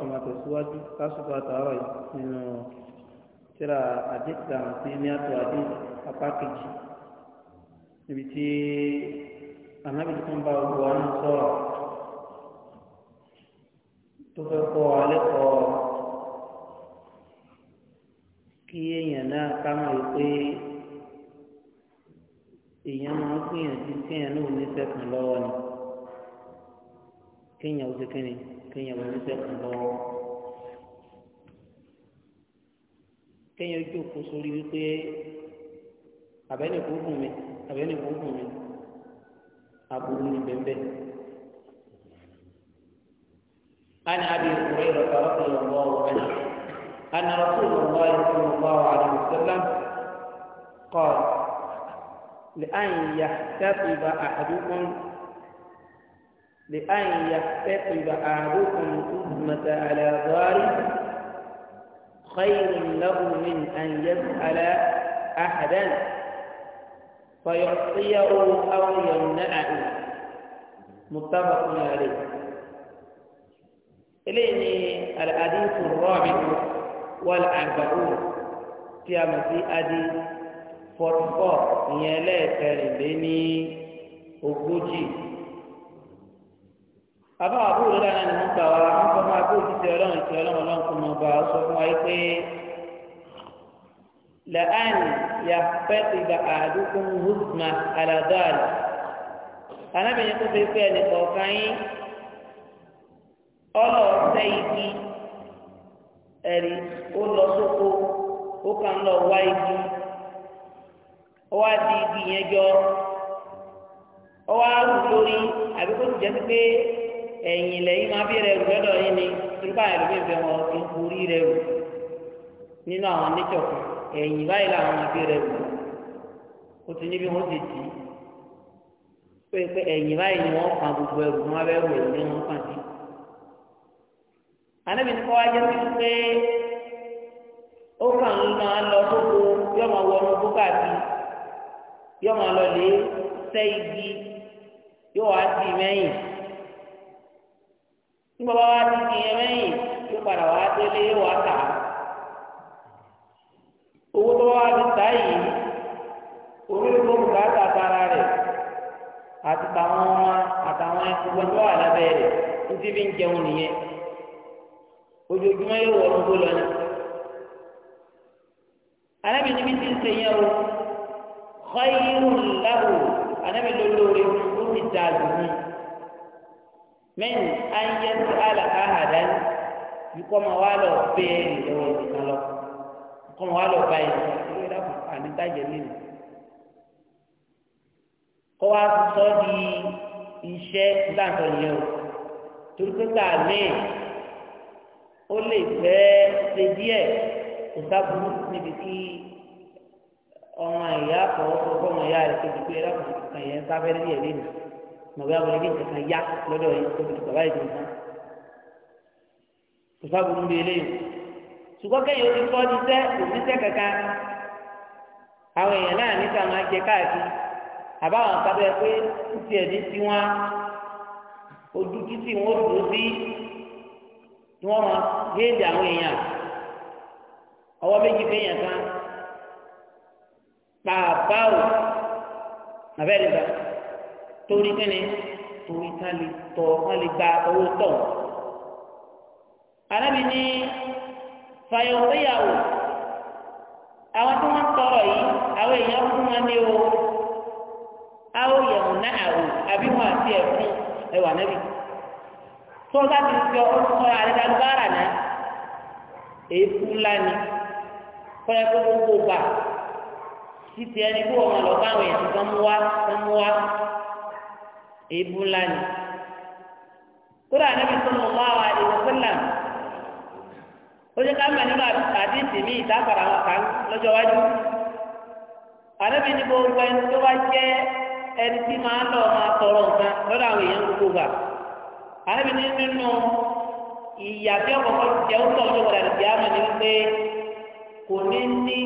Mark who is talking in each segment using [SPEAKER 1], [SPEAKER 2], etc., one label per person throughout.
[SPEAKER 1] tún máa tẹ̀síwájú lásìkò àtàárọ̀ yìí nínú tíra àdéhùn àti ní àtò àdéhùn apá kejì níbi tí anábìtì tó ń bá gbogbo wa náà sọ̀rọ̀ tó fẹ́ kọ́ alẹ́ kọ́ kí èèyàn náà ká mọ̀ wípé èèyàn máa ń gbìyànjú kéèyàn náà ní sẹ́kùn lọ́wọ́ ni kéèyàn ó ṣe kéèyàn. kéèyàn ronú sẹ́kùn lọ́wọ́ kéèyàn jókòó sórí wípé àbẹ́nìkó gùn mi àbẹ́nìkó gùn mi aburú ni bẹ́ẹ̀ عن ابي هريره رضي الله عنه ان رسول الله صلى الله عليه وسلم قال لان يحتسب احدكم لأن يحتقب أحدكم الأزمة على داره خير له من أن يسأل أحدا فيعطيه أو يمنعه متفق عليه إليه الحديث الرابع والأربعون في أمسي أدي فرفور يلاك لبني أبوجي bàbá wa bóòlù dáná ni wọ́n gbà wá wọ́n fọ́ máa bóòlù ti ọlọ́run ti ọlọ́run ọlọ́run kò mọ̀ bá sọ fún pé yà ti gba anábìyẹn tó fi pé ẹnì kọ̀ọ̀kan yín igi ẹ̀rí ó lọ sóko ó kàn lọ wá igi ó wá di ẹ̀yìn lẹ́yìn máa bí rẹ̀ rù ni turúbà yẹn ló fi wọn ń borí rẹ̀ rù nínú àwọn kan báyìí làwọn máa bí rẹ̀ rù o ti níbi wọn ti tì í pé pé báyìí ni gbogbo ẹrù wọn rù sí. ní kọ́ jẹ́ pé ó kàn ń máa lọ gbogbo wọnú gbogbo àti nígbà wá wá ti fi yẹn mẹ́yìn yóò padà wá délé yóò wá tà á
[SPEAKER 2] owó tó wá ti tà yìí olóògbé bùkátà tara rẹ̀
[SPEAKER 1] àti tàwọn ọmọ àtàwọn ẹgbẹ́ tó wà lábẹ́ rẹ̀ ń ti ń jẹun nìyẹn ojoojúmọ́ yóò wọ̀ ọ́ ń lọ ní. kọ́mọ wa lọ bẹ ìlọ́wọ́ ìdìkan lọ kọ́mọ wa lọ bá ìdìkan lọ ìlú ìdàpọ̀ àní bàjẹ́ nínú kọ́ wa sọ di iṣẹ́ láǹtọ̀ yẹn o torí pé gbà mí ó lè fẹ́ ṣe díẹ̀ kò sábúrú níbi tí ọmọ ìyá àfọwọ́sọ fọmọ ìyá rẹ̀ tó ti pé ẹlẹ́kùnrin kan yẹn sáfẹ́ lé ẹ̀ lẹ́nu mọ̀ bí abọ́lé kí nǹkan kan yá lọ́dọ̀ yìí tó ti bàbá ìdìbò náà kò sábòrò ń bẹ eléyìí ṣùgbọ́n kẹ́yìn orí kọ́ ní sẹ́ òbí sẹ́ kankan àwọn èèyàn náà níta máa jẹ káàkiri àbáwọn kábẹ́ pé títí ẹ̀ ní tiwọn ojú títí wọn dùn sí tí wọ́n máa géèdì àwọn èèyàn ọwọ́ méjì fẹ́yàn kan pàápàá abẹ́rẹ́ gbà torí kẹ́ni torí ká lè tọ́ ká lè gba owó tọ̀. alábi ni fàyọ̀fẹ́yàwó àwọn tí wọ́n tọrọ yìí àwọn èèyàn fún wọn ní o àwọn yẹ̀wò náà àwò àbí wọn àti ẹ̀fún ẹwà nẹ́bí tó bá ti fi ọkọ̀ àrẹ́dàgbára náà èéfú ńlá ni gbogbo gbà títí ẹni kó wọn lọ bá àwọn èèyàn tó mú wá tó mú wá ó jẹ́ ká mọ̀ nínú àdìsí mi ìdápadà wọn kà lọ́jọ́ wájú
[SPEAKER 2] àdébí ni gbogbo ẹni tó bá jẹ́
[SPEAKER 1] ẹni tí máa ń lọ máa tọrọ nǹkan lọ́dọ̀ àwọn èèyàn gbogbo gbà àdébí ni nínú ìyà tí ọkọ̀ jẹ́ ó tọ̀ lọ́wọ́ dàdí àmọ́ ni wípé kò ní ní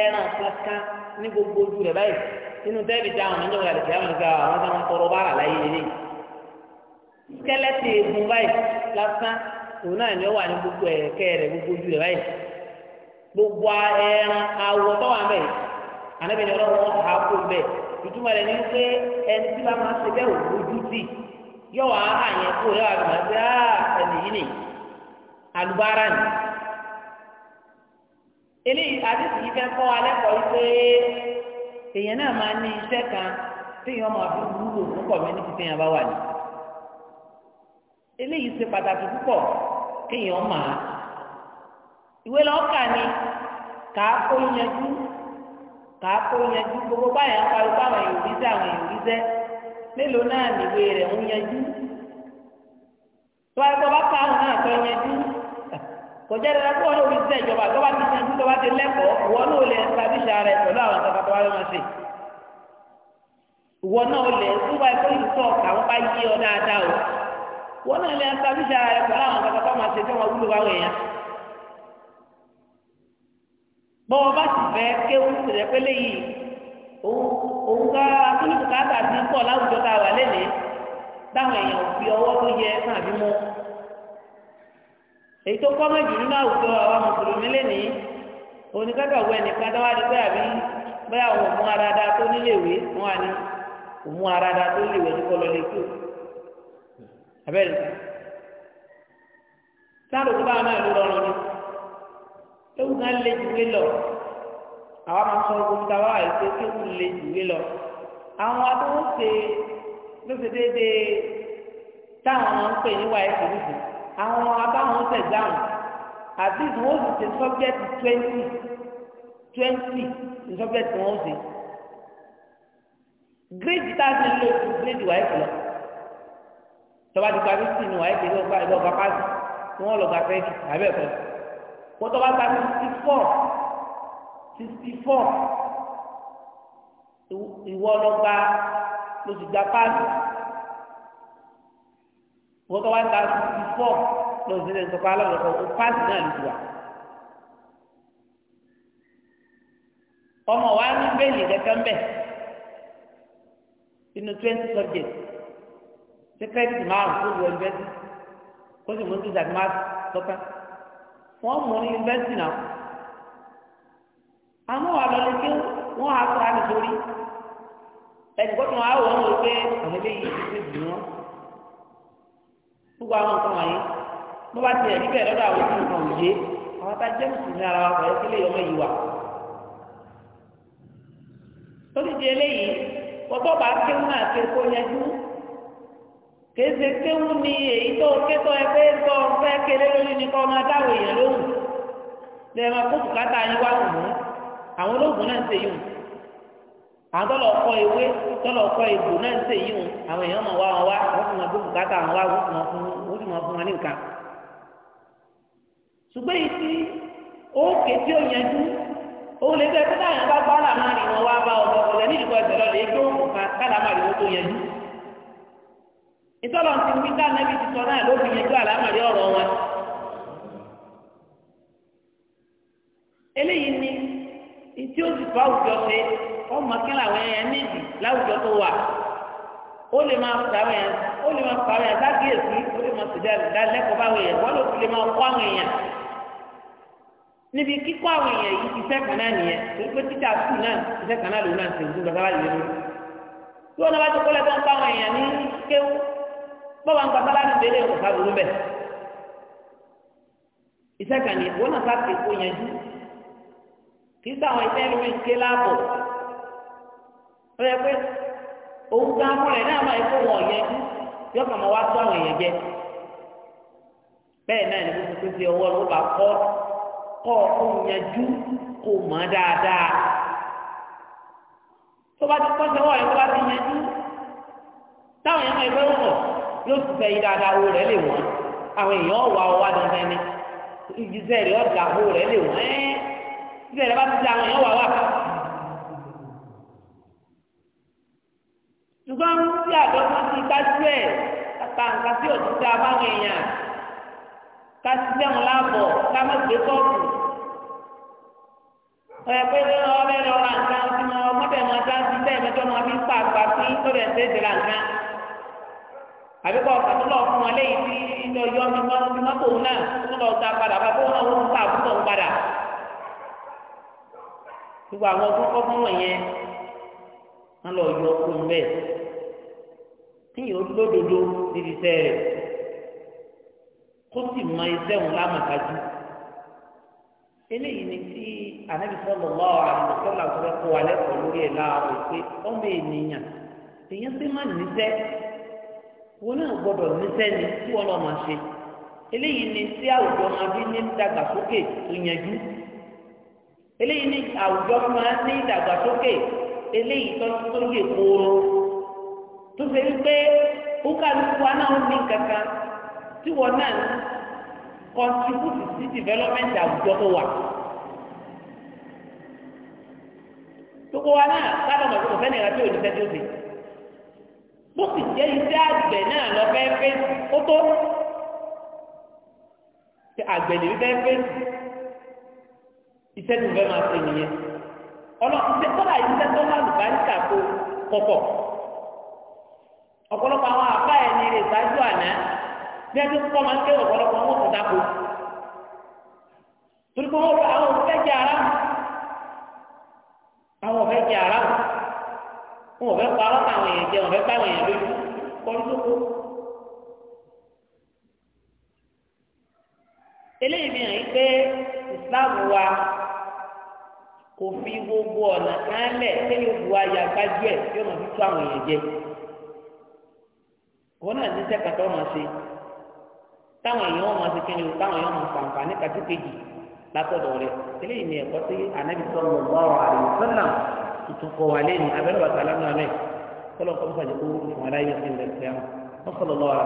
[SPEAKER 1] ẹran kankan ní gbogbo ojú rẹ̀ báyìí nínú tẹ́ẹ̀bì tí àwọn ọ̀nàjọ́ ìyàlẹ̀ kí àwọn ọ̀nàjọ́ àwọn ọ̀nàjọ́ tọrọ bára láyé lélẹ̀. skẹlẹti egun báyìí lásán òun náà ni ó wà ní gbogbo ẹ̀kẹ́ rẹ̀ gbogbo ojú rẹ̀ báyìí gbogbo ẹran awọ tó wà mẹ́ẹ̀ ànábì ni wọn kà á kó bẹ́ẹ̀ ìtumọ̀ rẹ̀ ni pé ẹni tí bá máa ṣe bẹ́ẹ̀ ojú sí yọ wá àyẹn kó yọ àgbà ẹni yìí nì alubára ni eléyìí àdìsí yìí fẹ́ kọ́ alẹ́ kọ́ yìí pé èèyàn náà máa ní iṣẹ́ kan téèyàn máa fi wúlò téèyàn bá kéèyàn mà á ìwé lọ́ọ̀kà ni kà kó yanjú kó yanjú gbogbo báyà ń pariwo báwọn èèyàn àwọn èèyàn rí sẹ́ mélòó náà nìwé rẹ̀ ń yanjú tó wáyé bá ká àwọn náà tó yanjú kọjá dada kó fi sẹ́ ìjọba tó bá ti yanjú tó bá ti lẹ́kọ̀ọ́ lè rẹ̀ pẹ̀lú àwọn ìjọba tó wá ṣe fẹ́ wọn wúlò wáwọ̀ èèyàn bọ́wọ́ bá sì fẹ́ kéwù sílẹ̀ pélé yìí òun ká akólùkùkátà ti pọ̀ láwùjọ ká wà lélẹ̀ táwọn èèyàn fi ọwọ́ tó yẹ náà mọ́ èyí tó kọ́ méjì nínú àwùjọ mùsùlùmí lẹ́nìí àbí bẹ́ẹ̀ àwọn tó níléèwé wọn ní òun sáàrò tó bá a náà ló rọrùn ni ewu náà lé jùwé lọ àwa máa sọ ogun tá a wá àìsí ewu lé jùwé lọ àwọn adówó ṣe ló ṣe déédéé táwọn ń pè níwá ẹ̀sìn nìyí àwọn abáwọn tẹ̀ dáhùn àbí ìdánwò sì ṣe sọ́jẹ́tì twenty twenty ní sọ́jẹ́tì wọn ṣe gírèdì tá a ti lò ju gírèdì wáyé lọ tọ́ba ti sí ni wáyé lọ́gbà ìlú ọ̀gá pàṣẹ wọ́n lọ gba twenty àbẹ́ ẹ̀kọ́ pọ́tọ́ bá gba sixty four sixty four ìwọ lọ gba lóṣù gba páàsì wọ́n tọ́ bá gba sixty four lóṣù sílẹ̀ ìsọ̀kọ́ alọ́ọ̀lọ́kọ̀ o páàsì náà ló ti wà. ọmọ wa ní bẹ́ẹ̀lì kẹ́kẹ́ ń bẹ̀ inú twenty subjects secret márùn-ún tó wọ ẹgbẹ́ ó sì mú ní ìdàgbé má tọ́ka wọ́n mú ní yunifásitì náà àmọ́ wà lọ́lẹ́ kí wọ́n á kọ́ àmì sórí ẹnì kó tún àwọn òun rò pé àwọn eléyìí ti fi dùn wọn gbogbo àwọn nǹkan wọ̀nyí bó bá tiẹ̀ níbẹ̀ lọ́dọ̀ àwọn òfin nǹkan òye àwọn tá a jẹ́ mùsùlùmí ara wa pẹ̀lú kílé ọmọ yìí wà lórí di eléyìí wọ́n bọ́ bá kéwù náà ké eze kéwu ni èyí tó kétọ ẹ pé tọ fẹ kéré lórí ni kọ máa dáwọ èèyàn lóhùn lẹ́yìn máa kó bùkátà yín wá wùmú àwọn olóògùn náà ń ṣe yìí àwọn tọ́lọ̀ kọ ewé tọ́lọ̀ kọ egbò náà ń ṣe yìí àwọn èèyàn máa wá wọn wá sì máa wọn wá sì máa fún sì máa fún wọn ní nǹkan. ó ké tí ó lè fẹ́ kí ìtọ́lọ̀ ti wí tá nẹ́bí ti sọ náà ló fi yẹn tó àlámọ̀rí ọ̀rọ̀ wọn. eléyìí ni ìtí ó sì fa àwùjọ pé ọmọ kí làwọn ẹ̀yẹ níbi láwùjọ tó wà
[SPEAKER 2] ó lè máa sàwọn ẹ̀yẹ ó lè máa pàrọ̀ ẹ̀yẹ sákìyèsí ó lè máa sèdá lẹ́kọ̀ọ́ báwọn wọ́n ló fi lè máa kọ́ àwọn èèyàn
[SPEAKER 1] níbi kíkọ́ àwọn èèyàn yìí náà nìyẹn pé títà sùn náà náà lòun náà ti lórí tí wọ́n náà bá kọ́lẹ́ tó ń àwọn bọ́wọ́ ń gbàtà láti bẹ̀rẹ̀ kò sá burú bẹ̀. iṣẹ́ kan ní wọn náà sáà kéko yanjú kì í sáwọn iṣẹ́ lómi ké láàbọ̀ ó yẹ pé òun gan fún rẹ̀ náà máa kó wọn yanjú yọ kàn máa wá tó àwọn èèyàn jẹ bẹ́ẹ̀ náà ní kókó tó ti ọwọ́ ló bá kọ́ kọ́ kó yanjú kó mọ̀ dáadáa tó bá ti kọ́ sọ́wọ́ ẹ̀ yóò ti sẹ́yìn dáadáa owó rẹ̀ lè wọ́n àwọn èèyàn wà ọwọ́ dandan ni ìjísẹ́ rẹ̀ ọ̀dà owó rẹ̀ lè wọ́n ẹ́ ìjísẹ́ rẹ̀ bá ti di àwọn èèyàn wà wà. ṣùgbọ́n tí àdọ́gbọ́n ti ká sí ẹ̀ kàǹkà sí òtítọ́ abáwọn èèyàn ká sí sẹ́wọ̀n láàbọ̀ ká má gbé kọ́ọ̀kù ọ̀yà pé ní ọ̀rẹ́ rẹ̀ ọ̀rà nǹkan tí mo mọ́tẹ̀ mọ́ dá mẹ́tọ́ mọ́ fi sí tó rẹ̀ àbíkọ́ ọ̀sàtúlọ̀ fún wọn léyìí tí ilé ọjọ́ mi máa ń náà tó lọ ta padà bá kó wọn wọn ń padà. gbogbo àwọn ọgbọ́n kọ́kọ́ wọ̀nyẹn wọn lọ yọ ọkùnrin bẹ́ẹ̀ tí yóò níbi iṣẹ́ kó sì mọ iṣẹ́ òun lámàkájú. ni tí kó wa lẹ́kọ̀ọ́ lórí ẹ̀ láàárọ̀ pé ọmọ ènìyàn èèyàn níṣẹ́. wọn náà gbọ́dọ̀ níṣẹ́ ni tí wọn náà máa ṣe eléyìí ni tí àwùjọ máa fi ní ìdàgbàsókè tó yanjú eléyìí ni àwùjọ máa ní ìdàgbàsókè eléyìí tó tó yè kóró tó ṣe wípé kúkàlùkù wa náà ní kankan tí wọn náà contribute sí development àwùjọ tó wà. gbogbo wa náà sábà máa tó fẹ́ nìyàrá tí ò ní sẹ́jọ́ sí bó
[SPEAKER 2] sì jẹ́ iṣẹ́ àgbẹ̀ náà lọ fẹ́ fẹ́ ó tó
[SPEAKER 1] ṣe àgbẹ̀ lè fẹ́ fẹ́ iṣẹ́ tó fẹ́ máa ṣe nìyẹn ọlọ́run ṣe kọ́lá iṣẹ́ tó máa lù bá níta kó kọ̀kọ̀ ọ̀pọ̀lọpọ̀ àwọn àbá ẹ̀ ní ilé ìtajú àná bí ẹni tó kọ́ máa ń ké ọ̀pọ̀lọpọ̀ wọn kò dáko torí pé wọ́n àwọn òfẹ́ jẹ́ aráàlú àwọn òfẹ́ jẹ́ aráàlú wọn ò fẹ́ pa ọlọ́pàá àwọn èèyàn jẹ wọn ò fẹ́ pa àwọn èèyàn lójú kọlu lóko. eléyìí fi hàn yí pé Islam wa kò fi gbogbo ọ̀nà kan lẹ̀ sẹ́yìn òbu ayé agbájú ẹ̀ tí wọ́n fi tú àwọn èèyàn jẹ. wọn náà ní sẹ́kàtọ́ wọn ṣe táwọn èèyàn wọn máa ṣe kí ni o táwọn èèyàn máa fàǹfà ní kàtúkèjì látọ̀dọ̀ rẹ̀ eléyìí ni ẹ̀kọ́ sí anábìsọ̀rọ̀ lọ́rọ̀ àdìsọ́nà tuntun kọ wa lẹ́yìn abẹ́rẹ́ bàtà lánàá rẹ̀ kọ́lọ́ kọ́ fàjẹ́ kó fún aláyé
[SPEAKER 2] sí ilẹ̀ tí a wọ́n sọ̀rọ̀ lọ́wọ́